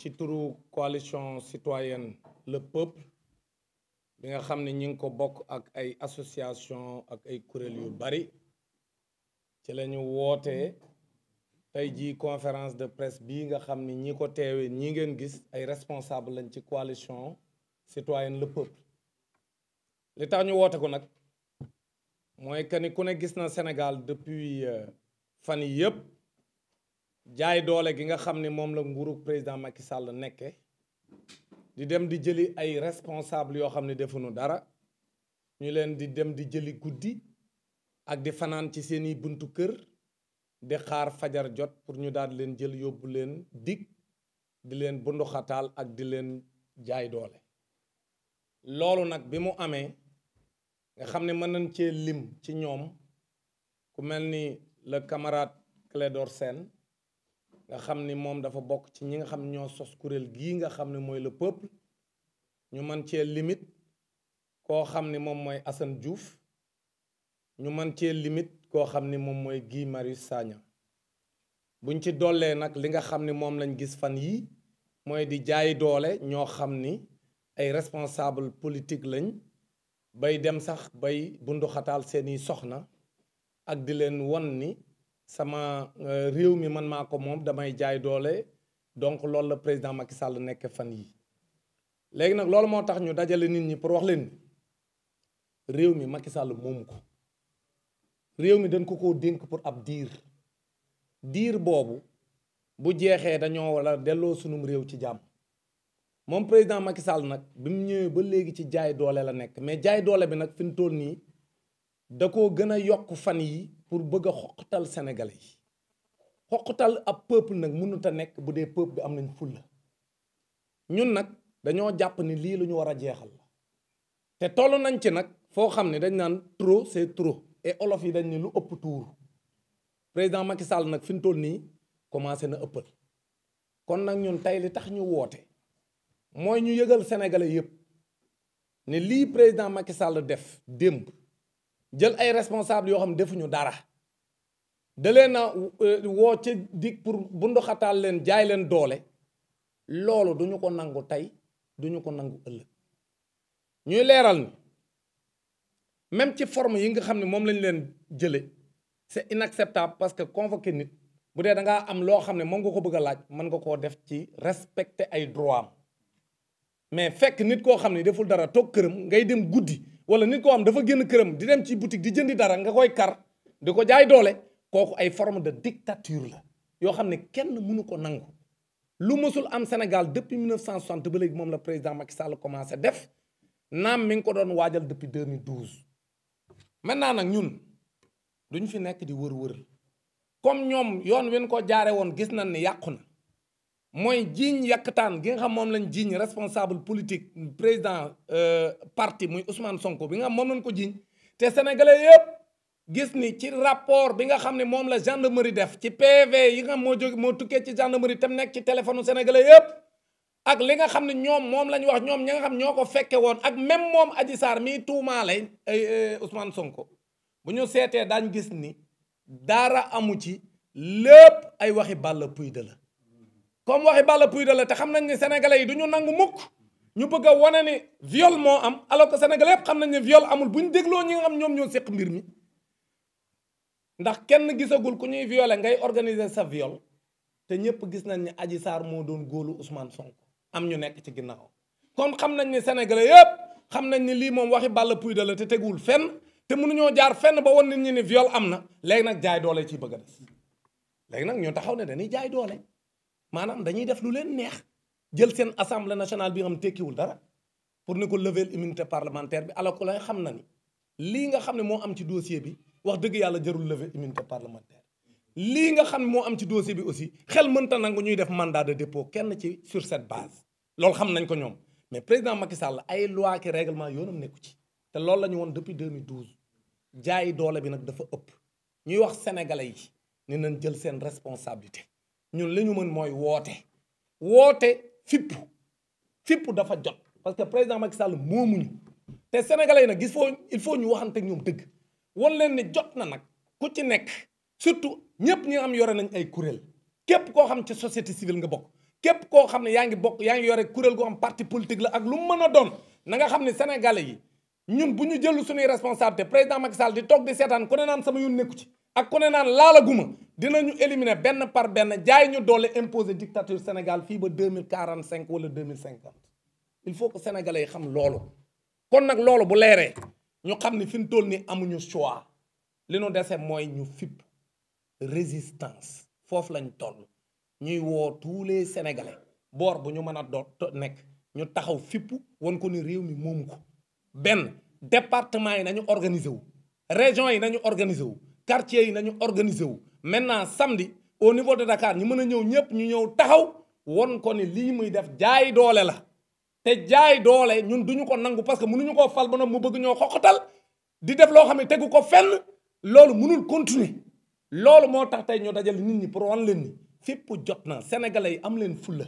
ci turu coalition citoyenne le peuple bi nga xam ne ñi ngi ko bokk ak ay association ak ay kuréel yu bari ci la ñu wootee tey jii conférence de presse bii nga xam ne ñi ko teewee ñi ngeen gis ay responsable lañ ci coalition citoyenne le peuple li tax ñu woote ko nag mooy que ni ku ne gis na Sénégal depuis euh, fan yii yëpp jaay doole gi nga xam ne moom la nguuru président Macky Sall nekke di dem di jëli ay responsable yoo xam ne defuñu dara ñu leen di dem di jëli guddi ak di fanaan ci seeni buntu kër di xaar fajar jot pour ñu daal di leen jël yóbbu leen dikk di leen bunduxataal ak di leen jaay doole loolu nag bi mu amee nga xam ne mën nañ cee lim ci ñoom ku mel ni le camarade Clédor seen nga xam ni moom dafa bokk ci ñi nga xam ñoo sos kuréel gii nga xam ne mooy le peuple ñu mën cee limite koo xam ni moom mooy Assane Diouf ñu mën cee limite koo xam ni moom mooy Guy Marius Sagna buñ ci dollee nag li nga xam ni moom lañ gis fan yi mooy di jaay doole ñoo xam ni ay responsable politique lañ bay dem sax bay bunduxataal seeni soxna ak di leen won ni sama euh, réew mi man maa ko moom damay jaay doole donc loolu la président Macky Sall nekk fan yi léegi nag loolu moo tax ñu dajale nit ñi pour wax leen réew mi Macky Sall moomu ko réew mi dañ ko koo dénk pour ab diir diir boobu bu jeexee dañoo wala delloo sunum réew ci jàmm moom président Macky Sall nag bi mu ñëwee ba léegi ci jaay doole la nekk mais jaay doole bi nag fi mu toll nii da koo gën a yokk fan yi pour bëgg a xoqatal sénégalais yi xoqatal ab pëpp nag mënut a nekk bu dee peuple bi am nañ fulla ñun nag dañoo jàpp ni lii lu ñu war a jeexal la te toll nañ ci nag foo xam ne dañ naan trop c'est trop et olof yi dañ ne lu ëpp tuuru président Macky Sall nag fi mu toll nii commencé na ëppal kon nag ñun tey li tax ñu woote mooy ñu yëgal sénégalais yépp ne lii président Macky Sall def démb jël ay responsable yoo xam defuñu dara da na a euh, woo ca dig pour bunduxataal leen jaay leen doole loolu duñu ko nangu tey duñu ko nangu ëllëg ñuy leeral ni même ci forme yi nga xam ne moom lañ leen jële c'est inacceptable parce que convoqué nit bu dee da ngaa am loo xam ne moom nga ko bëgg a laaj mën nga koo def ci respecter ay droit am mais fekk nit koo xam ne deful dara toog këram ngay dem guddi wala nit koo am dafa génn këram di dem ci boutique di jëndi dara nga koy kar di ko jaay doole kooku ay forme de dictature la yoo xam ne kenn mënu ko nangu lu mësul am Sénégal depuis 1960 ba léegi moom la président Macky Sall commencé def naam mi ngi ko doon waajal depuis 2012. naa nag ñun duñ fi nekk di wër-wër comme ñoom yoon wi ñu ko jaare woon gis na ne yàqu na. mooy jiiñ yàkkataan gi nga xam moom lañ jiiñ responsable politique président euh, parti muy Ousmane Sonko bi nga xam moom lañ ko jiiñ te sénégalais yëpp gis ni ci rapport bi nga xam ne moom la gendarmerie def ci PV yi nga moo jóg moo tukkee ci gendarmerie tam nekk ci téléphone sénégalais ak li nga xam ne ñoom moom la ñu wax ñoom ña nga xam ñoo ko fekke woon ak même moom Adji saar mii tuumaale euh, Ousmane Sonko bu ñu seetee daañ gis ni dara amu ci lépp ay waxi Balla Pouye de la comme waxi Balla Pouye de la te xam nañ ne sénégalais yi du ñu nangu mukk ñu bëgg a wane ni viol moo am alors que sénégalais yëpp xam nañ ne viol amul bu ñu dégloo ñi nga xam ñoo séq mbir mi ndax kenn gisagul ku ñuy violé ngay organiser sa viol te ñëpp gis nañ ne Adji Sarr moo doon góolu Ousmane sonk am ñu nekk ci ginnaaw kon xam nañ ne sénégalais yëpp xam nañ ni lii moom waxi Balla Pouye de la te tegul fenn te mënuñoo jaar fenn ba wan nit ñi ni viol am na léegi nag jaay doole ciy bëgg a des léegi nag ñu taxaw ne dañuy jaay doole maanaam dañuy def lu leen neex jël seen assemblée nationale bi nga xam tekkiwul dara pour ne ko lever immunité parlementaire bi alors que xam na ni lii nga xam ne moo am ci dossier bi wax dëgg yàlla jarul lever immunité parlementaire li nga xam ne moo am ci dossier bi aussi xel mënta nangu ñuy def mandat de dépôt kenn ci sur cette base loolu xam nañ ko ñoom mais président Macky Sall ay loi ki règlement yoonam nekku ci te loolu la ñu woon depuis 2012 jaayi doole bi nag dafa ëpp ñuy wax sénégalais yi ne nañ jël seen responsabilité ñun li ñu mën mooy woote woote fippu fippu dafa jot parce que président Macky Sall moomuñu te sénégalais yi nag gis foo il faut ñu waxante ak ñoom dëgg wan leen ni jot na nag ku ci nekk surtout ñëpp ñi nga yore nañ ay kuréel képp koo xam ci société civile nga bokk képp koo xam ne yaa ngi bokk yaa ngi yore kuréel goo xam parti politique la ak lu mën a doon na nga xam ne sénégalais yi ñun bu ñu jëlu suñuy responsabilité président Macky Sall di toog di seetaan ku ne naan sama yoon nekku ci ak ku ne naan laalaguma dinañu éliminer benn par benn jaay ñu doole imposer dictature Sénégal fii ba deux mille quarante cinq wala deux mille cinquante il faut que sénégalais yi xam loolu. kon nag loolu bu leeree ñu xam ni fi mu toll nii amuñu choix li nu dese mooy ñu fipp résistance foofu lañ toll ñuy woo tous les sénégalais boor bu ñu mën a doot nekk ñu taxaw fippu wan ko ni réew mi moomu ko benn département yi nañu organiser wu région yi nañu organiser wu. quartier yi nañu organiser wu maintenant samedi au niveau de Dakar ñi mën a ñëw ñëpp ñu ñëw taxaw won ko ni lii muy def jaay doole la te jaay doole ñun duñu ko nangu parce que mënuñu koo fal ba noonu mu bëgg ñoo xoqatal di def loo xam ne tegu ko fenn loolu mënul continuer loolu moo tax tey ñoo dajal nit ñi pour wan leen ni fépp jot na sénégalais yi am leen fulla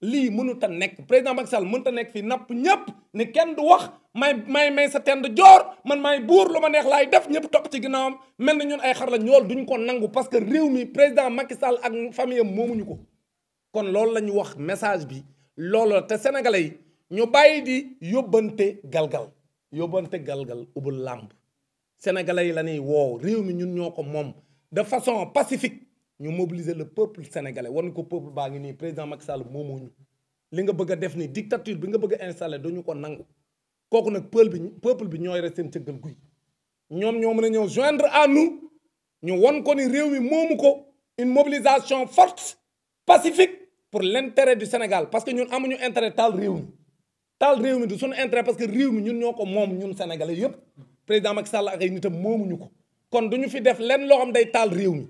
lii mënut a nekk président Macky Sall mënut a nekk fii napp ñëpp ne kenn du wax may may may sa tend joor man may buur lu ma neex laay def ñëpp topp ci ginnaawam mel na ñun ay xar la ñool duñ ko nangu parce que réew mi président Macky Sall ak famille am moomuñu ko. kon loolu la ñu wax message bi loolu la te sénégalais yi ñu bàyyi di yóbbante galgal yóbbante galgal ubul làmb sénégalais yi la ñuy woow réew mi ñun ñoo ko moom de façon pacifique. ñu mobiliser le peuple sénégalais wan ko peuple baa ngi nii président Macky Sall moomoo ñu li nga bëgg a def ni dictature bi nga bëgg a installé ko nangu kooku nag peuple bi peuple bi ñooy rek seen cëggal guy ñoom ñoo mën a ñëw joindre à nous ñu won ko ni réew mi moomu ko une mobilisation forte pacifique pour l'intérêt du Sénégal parce que ñun amuñu intérêt taal réew mi taal mi du suñu intérêt parce que réew mi ñun ñoo ko moom ñun sénégalais yépp président Sall ak nitam moomuñu ko kon duñu fi def lenn loo xam day taal réew mi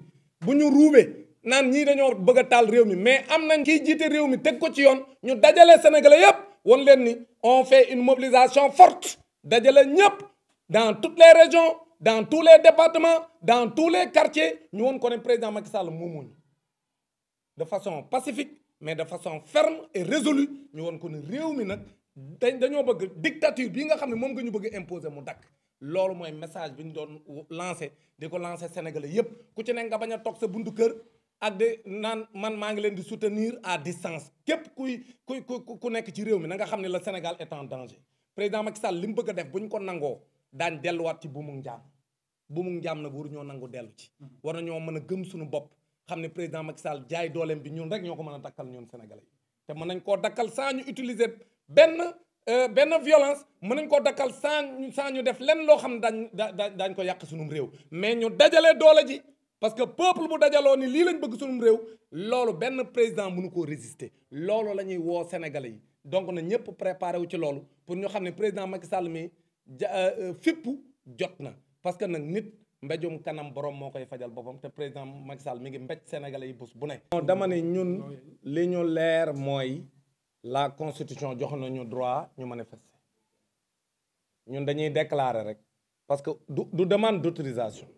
bu ñu ruubee naan ñii dañoo bëgg a taal réew mi mais am nañ kiy jiite réew mi teg ko ci yoon ñu dajalee sénégalais yépp won leen ni on fait une mobilisation forte dajale ñépp dans toutes les régions dans tous les départements dans tous les quartiers ñu won ko ne président Macky Sall moomuñu de façon pacifique mais de façon ferme et résolue ñu won ko ne réew mi nag dañ dañoo bëgg dictature bii nga xam ne moom nga ñu bëgg imposer mu dakk loolu mooy message bi ñu doon lancé di ko lancé sénégalais yépp ku ci ne nga bañ a toog sa buntu kër ak de naan man maa ngi leen di soutenir à distance képp kuy kuy ku nekk ci réew mi na nga xam ne le Sénégal est en danger président Macky Sall li mu bëgg a def bu ñu ko nangoo daañ delluwaat ci buumu njaam buumu njaam nag ñoo nangu dellu ci. Mm-hmm. war na ñoo mën a gëm suñu bopp xam ne président Macky Sall jaay dooleem bi ñun rek ñoo ko mën a dakkal ñun sénégalais te mën nañ koo dakkal sans ñu utiliser benn. Euh, benn violence mën nañ koo dakkal saa sans ñu def lenn loo xam ne dañ da daañ ko yàq sunum réew mais ñu dajalee doole ji parce que peuple bu dajaloo ni lii lañ bëgg sunum réew loolu benn président mënu koo résister loolu la ñuy woo sénégal yi donc na ñëpp préparé wu ci loolu pour ñu xam ne président Macky Sall mi ja euh, euh, fippu jot na parce que nag nit mbéjum kanam borom moo koy fajal boppam te président Macky Sall mi ngi mbéj sénégalais yi bés bu ne dama ne ñun li ñu leer mooy la constitution jox nañu droit ñu manifester ñun dañuy déclarer rek parce que du du demande d'autorisation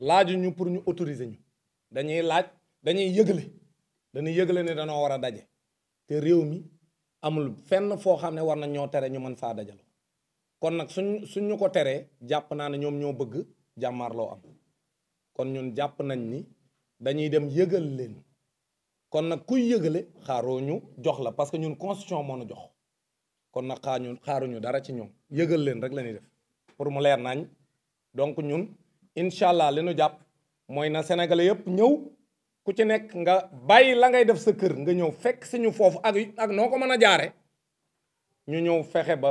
laaju ñu pour ñu autoriser ñu dañuy laaj dañuy yëgle dañuy yëgle ne danoo war a daje te réew mi amul fenn foo xam ne war nañ ñoo tere ñu mën faa dajalo kon nag suñ suñ ko teree jàpp naa ne ñoom ñoo bëgg jàmmaarloo am kon ñun jàpp nañ ni dañuy dem yëgal leen kon nag kuy yëgale xaaroo ñu jox la parce que ñun constitution moo nu jox kon nag xaaruñu dara ci ñoom yëgal leen rek la def pour mu leer nañ donc ñun incha allah li nu jàpp mooy na sénégale yëpp ñëw ku ci nekk nga bàyyi la ngay def sa kër nga ñëw fekk si foofu ak ak noo ko mën a jaare ñu ñëw fexe ba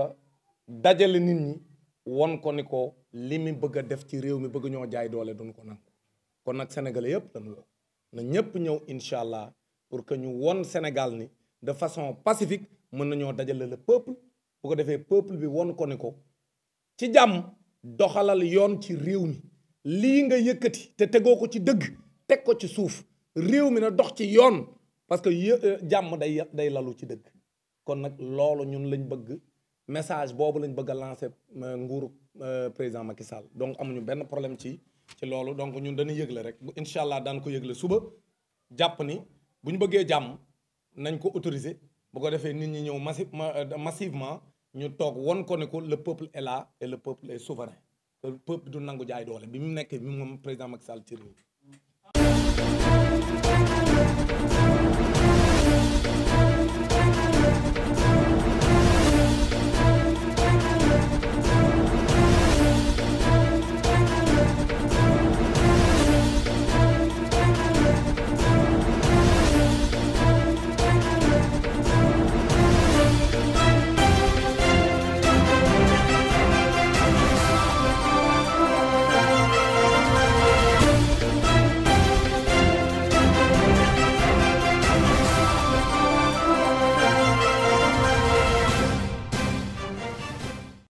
dajale nit ñi won ko ni ko li bëgg def ci réew mi bëgg ñoo jaay doole duñ ko kon nag sénégalais yëpp dañu la na ñëpp ñëw incha allah pour que ñu won Sénégal ni de façon pacifique mën nañoo dajale le peuple bu ko defee peuple bi won ko ne ko ci jàmm doxalal yoon ci réew mi lii nga yëkkati te tegoo ko ci dëgg teg ko ci suuf réew mi na dox ci yoon parce que euh, jàmm day day lalu ci dëgg kon nag loolu ñun lañ bëgg message boobu lañ bëgg a euh, nguur nguuru euh, président Macky Sall donc am amuñu benn problème ci ci loolu donc ñun dañuy yëgle rek bu incha allah daan ko yëgle suba jàpp ni bu ñu bëggee jàmm nañ ko autoriser bu ko defee nit ñi ñëw massi euh, massivement ñu toog won ko ne ko le peuple est là et le peuple est souverain que le du nangu jaay doole bi mu nekk mu moom président Macky Sall ci réew